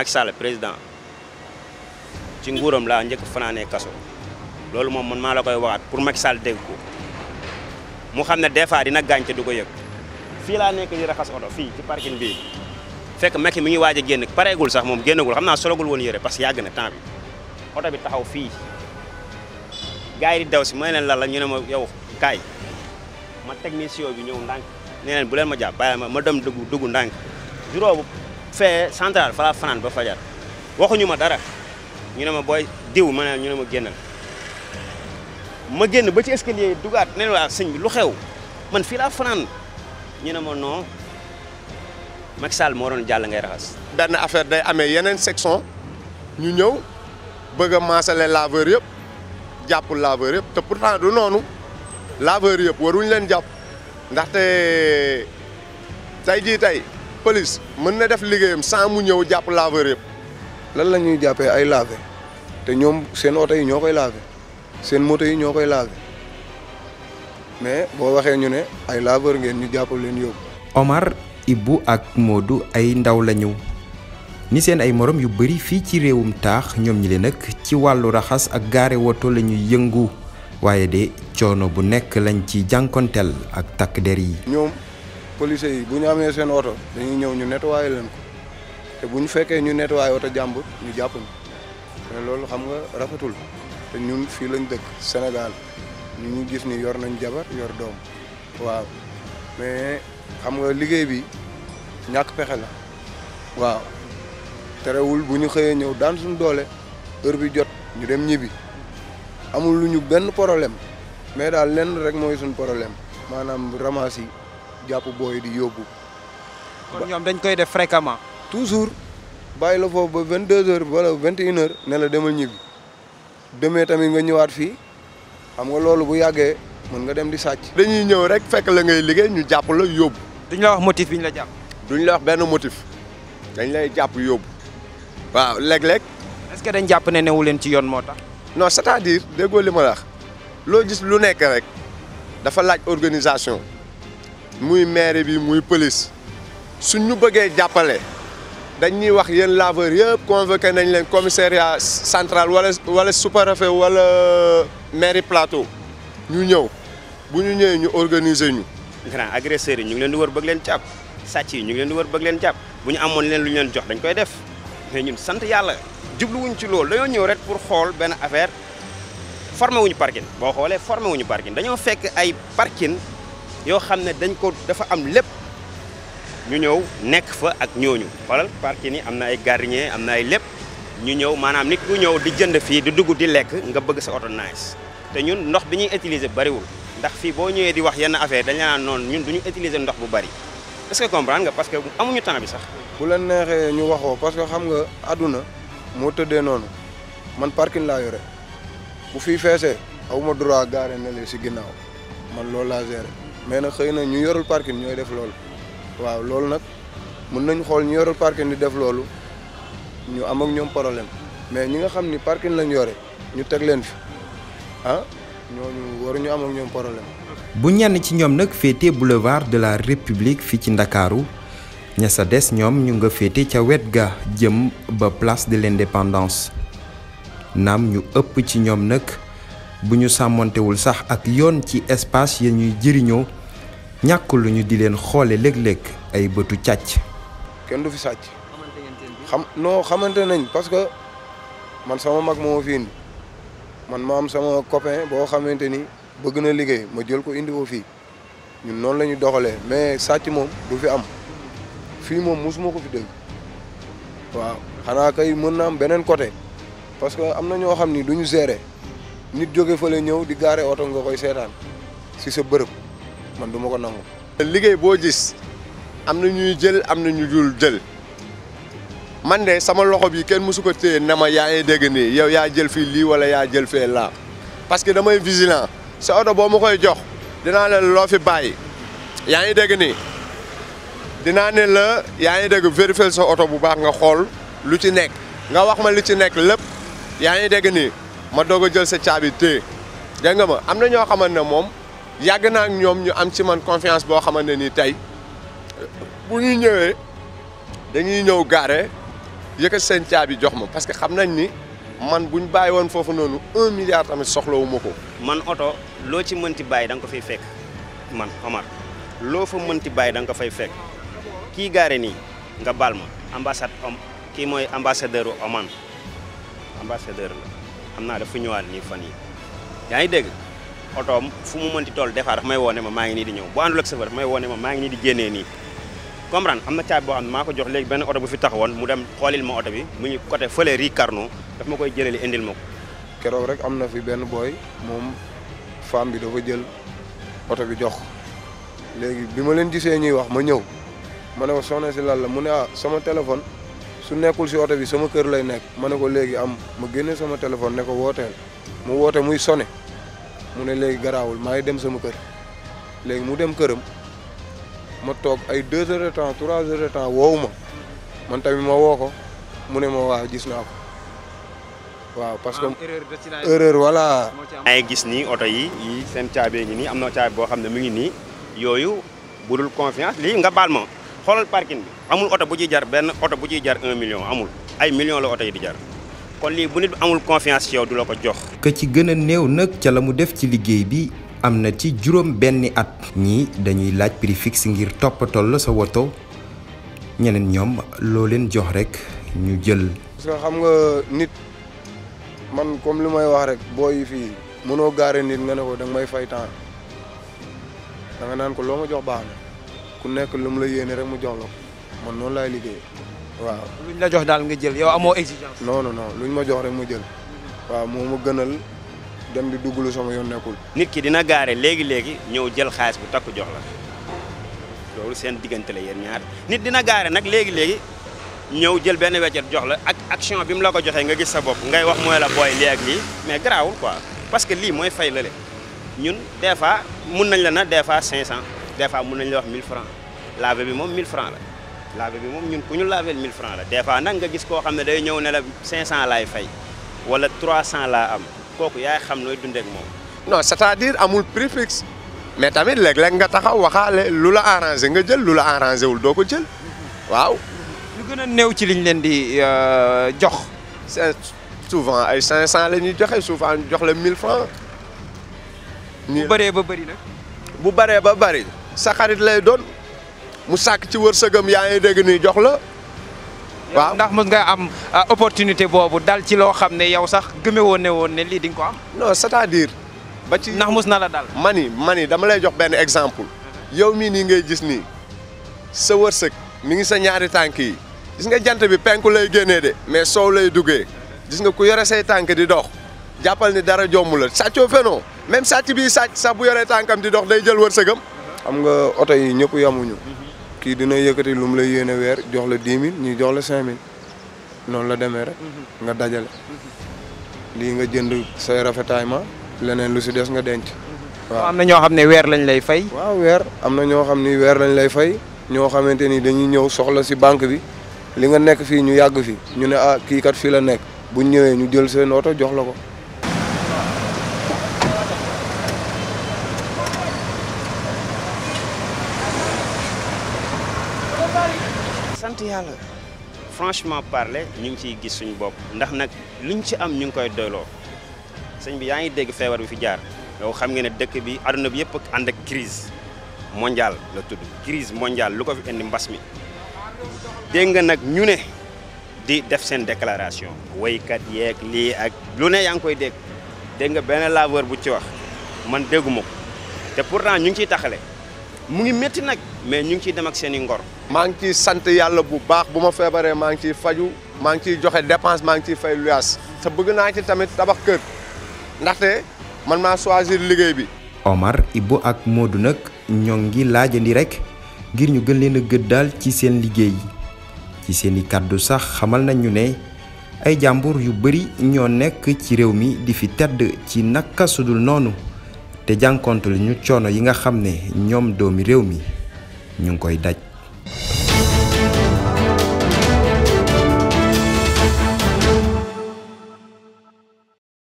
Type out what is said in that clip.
Macky Sall président ci nguuram laa njëkk fanaanee kaso loolu moom man maa la koy waxaat pour Macky Sall dégg ko mu xam ne des di na gàncax du ko yëg fii laa nekk di raxas oto fii ci parking bii fekk Macky mi ngi waaj a génn pareegul sax moom génnagul xam naa sologul woon yére parce que yàgg na temps bi oto bi taxaw fii gars yi di daw si ma leen lan la ñu ne ma yow kaay ma technicien bi ñëw ndànk nee leen bu leen ma jàpp bàyyi ma ma dem dugg dugg ndank juróom fee central fa laa ba fajar waxuñu ma dara ñu ne ma booy diw ma ne ñu ne ma génnal ma génn ba ci escalier dugaat ne waa sëñ bi lu xew man fii laa ñu ne ma non Macky Sall moo doon jàll ngay raxas. benn affaire day amee yeneen section ñu ñëw bëgg a maasale laveur yëpp jàpp laveur yëpp te pourtant du noonu laveur yëpp waruñ leen jàpp ndaxte tey jii police mën na def liggéeyam sans mu ñëw jàpp laveur yëpp. lan la ñuy jàppee ay lavé te ñoom seen oto yi ñoo koy lavé seen moto yi ñoo koy lavé mais boo waxee ñu ne ay laveur ngeen ñu jàpp leen yóbbu. Omar Ibou ak modu ay ndaw lañu ni seen ay moroom yu bari fii ci réewum taax ñoom ñi leen nag ci wàllu raxas ak gaare woto la ñuy yëngu waaye de coono bu nekk lañ ci jànkonteel ak takk der yi. ñoom police yi bu ñu amee seen oto dañuy ñëw ñu nettoyé leen ko te bu ñu fekkee ñu nettoyé oto jàmbur ñu jàpp ñu te loolu xam nga rafetul te ñun fii lañ dëkk Sénégal ñu gis ni yor nañ jabar yor doom waaw mais xam nga liggéey bi ñàkk pexe la waaw terewul bu ñu xëyee ñëw daan suñ doole heure bi jot ñu dem ñibbi amul lu ñu benn problème mais daal lenn rek mooy suñu problème maanaam ramas jàpp booy di yóbbu. kon ñoom dañ koy def fréquemment. toujours bay la foofu ba vingt deux heures wala vingt et une heures ne la demal ñibbi demee tamit nga ñëwaat fii xam nga loolu bu yàggee mën nga dem di sàcc. dañuy ñëw rek fekk la ngay liggéey ñu jàpp la yóbbu. duñ la wax motif bi ñu la jàpp. duñ la wax benn motif dañ lay jàpp yóbbu. waaw léeg-léeg. est-ce que dañ jàpp ne newu leen ci yoon moo tax. non c'est-à-dire déggoo li ma la loo gis lu nekk rek dafa laaj organisation. muy maire bi muy pëlis suñ ñu bëggee jàppale dañ ñuy wax yéen laveur yëpp convoqué nañ leen commissariat central wala wala sous-préfet wala mairie plateau ñu ñëw bu ñu ñëwee ñu organiser ñu. grand agresseurs yi ñu ngi leen di war bëgg leen jàpp sàcc ñu ngi leen di wër bëgg leen jàpp bu ñu amoon leen lu ñu leen jox dañ koy def mais ñun sant yàlla jubluwuñ ci loolu dañoo ñëw rek pour xool benn affaire formé wuñu parking boo xoolee formé wuñu parking dañoo fekk ay parking yoo xam ne dañ ko dafa am lépp ñu ñëw nekk fa ak ñooñu xoolal parc ni am na ay gardien am na ay lépp ñu ñëw maanaam nit ku ñëw di jënd fii di dugg di lekk nga bëgg sa oto te ñun ndox bi ñuy utiliser bariwul ndax fii boo ñëwee di wax yenn affaire dañ noonu ñun du ñu utiliser ndox bu bari est-ce que comprendre nga parce que amuñu temps bi sax. bu la neexee ñu waxoo parce que xam nga àdduna moo tëddee noonu man parking laa yore bu fii feesee awuma droit gaare na leen si ginnaaw man loolu laa géré. mais nag xëy nañ ñu yorul parking ñooy def loolu waaw loolu nag mën nañ xool ñu yorul parkin di def loolu ñu am ak ñoom problème mais ñi nga xam ni parking lañ yore ñu teg leen fi ah ñooñu waruñu am ak ñoom problème. bu ñenn ci ñoom nag féete boulevard de la république fii ci ndakaaru ña sa des ñoom ñu nga féete ca wet ga jëm ba place de l'indépendance naam ñu ëpp ci ñoom nag. bu ñu sàmmoontewul sax ak yoon ci espace ya ñuy jëriñoo ñàkkul lu ñu di leen xoole léeg-léeg ay bëtu càcc. kenn du fi sàcc. xam non xamante nañ parce que man sama mag moo fi indi man ma am sama copain boo xamante ni bëgg na liggéey ma jël ko indi ko fii ñun noonu la ñu doxalee mais sàcc moom du fi am fii moom mosuma ko fi dégg waaw xanaa kay mën na am beneen côté parce que am na ñoo xam ni duñu gere nit jóge fa la ñëw di gaare oto nga koy seetaan si sa bërëb man du ma ko nangu. liggéey boo gis am na ñuy jël am na ñu dul jël man de sama loxo bi kenn mësu ko téye na ma yaa ngi dégg nii yow yaa jël fii lii wala yaa jël fee laa parce que damay vigilant sa oto boo ma koy jox dinaa loo fi bàyyi yaa ngi dégg nii dinaa ne la yaa ngi dégg vérifier sa oto bu baax nga xool lu ci nekk nga wax ma lu ci nekk lépp yaa ngi dégg nii. ma doog a jël sa caabi téye dégg ma am na ñoo xaman ne moom yàgg naa ñoom ñu am ci man confiance boo xamante ni tey bu ñuy ñëwee dañuy ñëw gaare yëkkat seen caabi jox ma parce que xam nañ ni man bu bàyyi woon foofu noonu un milliard tamit soxlawu ma ko. man oto loo ci mënti bàyyi da nga ko fay fekk man Omar loo fa mënti bàyyi da nga ko fay fekk kii gaare nii nga baal ma ambassade om kii mooy ambassadeur Oman ambassadeur la. xam naa dafa ñëwaat nii fan yi yaa ngi dégg otoom fu mu mënti toll des fois dafa may woone ma maa ngi nii di ñëw bu àndul ak chauffeur dafa may woone ma maa ngi nii di génnee nii comprendre am na caabi boo xam ne maa ko jox léegi benn oto bu fi taxawoon mu dem xoolil ma oto bi mu ngi côté fële ri Carnot daf ma koy jëlali indil ma ko keroog rek am na fi benn booy moom femme bi dafa jël oto bi jox léegi bi ma leen gisee ñuy wax ma ñëw ma ne ko si lan mu ne ah sama téléphone su nekkul si oto bi sama kër lay nekk ma ne ko léegi am ma génne sama téléphone ne ko wooteel mu woote muy sone mu ne léegi garawul maa ngi dem sama kër léegi mu dem këram ma toog ay deux heures de temps trois heures de temps woowu ma man tamit ma woo ko mu ne ma waa gis naa ko waaw parce que erreur voilà. ay gis nii oto yi yi seen caabee ngi nii am na caabi boo xam ne mu ngi nii yooyu budul confiance lii nga baal ma. xolal parking bi amul auto bu ci jar ben auto bu ci jar un million amul ay million la auto yi di jar kon li bu nit amul confiance ci yow du la ko jox. ke ci gëna a nak ci lamu def ci liggey bi amna ci juróom benni at. ñii dañuy laaj prix fixe ngir toppatoo la sa woto ñeneen ñom lo leen jox rek ñu jël. parce que xam nga nit man comme limay wax rek boy fi mëno garé nit nga ne ko dang may fay temps nga nan ko lo nga jox baana ku nekk lu mu la yéene rek mu jox la ko man noonu laay liggéey waaw. lu ñu la jox daal nga jël yow amoo exigence. non non lu ñu ma jox rek mu jël waaw moo ma gënal dem di dugg lu sama yoon nekkul. nit ki dina gaare léegi léegi ñëw jël xaalis bu takku jox la loolu seen diggante la yéen ñaar nit dina gaare nag léegi léegi ñëw jël benn weccet jox la ak action bi mu la ko joxee nga gis sa bopp ngay wax mooy la booy lii ak lii mais garaawul quoi parce que lii mooy fay ñun des mun nañ la na des fois 500. des fois la 1000 francs La bi 1000 francs la laver bi 1000 francs des fois nga gis 500 300 francs. am y yaay xam francs. non c'est-à-dire amul prix mais tamit léeg le nga taxaw waxale lula arrangé nga jël lula wul doko jël waaw. lu ci liñ di euh, jox. souvent ay 500 la souvent jox 1000 francs. bu bëree ba bari bu sa xarit lay doon mu sàkk ci wërsëgam yaa ngi dégg nii jox la. waaw ndax mos nga am ah, opportunité boobu dal ci loo xam ne yow sax gëme woon ne woon ne lii di nga ko am. non cest à ba ci ndax mos na la dal. mani mani dama lay jox benn exemple. yow mii nii ngay gis nii sa wërsëg mi ngi sa ñaari tànk yi gis nga jant bi penku lay génnee de mais soow lay duggee gis nga ku yore say tànk di dox jàppal ni dara jomb la sàccoo fenoo même sàcc bi sàcc sax bu yoree tànkam di dox day jël wërsëgam. am nga auto yi ñëpp yamuñu ki dina yëkëti lum mu la yéene weer jox la 10000 ñi jox la 5000 non la démé rek mhm. nga dajalé mhm. li nga jënd say rafetay ma leneen lu ci dess nga denc mhm. amna ño xamné wër lañ lay fay waaw wër amna ño xamni wër lañ lay fay ño xamanteni dañuy ñëw soxla ci banque bi li nga nekk fi ñu yagg fi ñu né ah ki kat fi la nekk bu ñëwé ñu jël seen auto jox la ko sant yalla franchement parler ñu ngi ciy gis suñu bopp ndax nak luñ ci am ñu ngi koy doylo señ bi yaangi dégg février bi fi jaar yow xam nga né dëkk bi aduna bi yëpp and ak crise mondiale la tudd crise mondiale lu ko fi indi mbass mi dégg nga nak ñu né di def sen déclaration way kat yeeg li ak lu né yaa koy dégg dégg nga ben laveur bu ci wax man dégguma té pourtant ñu ngi ciy taxale mu ngi metti nak mais ñu ngi ciy dem ak seeni ngor. maa ngi ci sant yàlla bu baax bu ma feebaree maa ngi ciy faju maa ngi ciy joxe dépense maa ngi ciy fay luyaas te bëgg naa ci tamit tabax kër ndaxte man maa soisir liggéey bi. Omar Ibou ak Modou nag ñoo ngi laajandi rek ngir ñu gën leen a gëddaal ci seen liggéey ci seen i kàddu sax xamal nañ ñu ne ay jàmbur yu bari ñoo nekk ci réew mi di fi tedd ci naka sudul noonu te jànkontu li ñu coono yi nga xam ne ñoom doomi réew mi. ñu ngi koy daj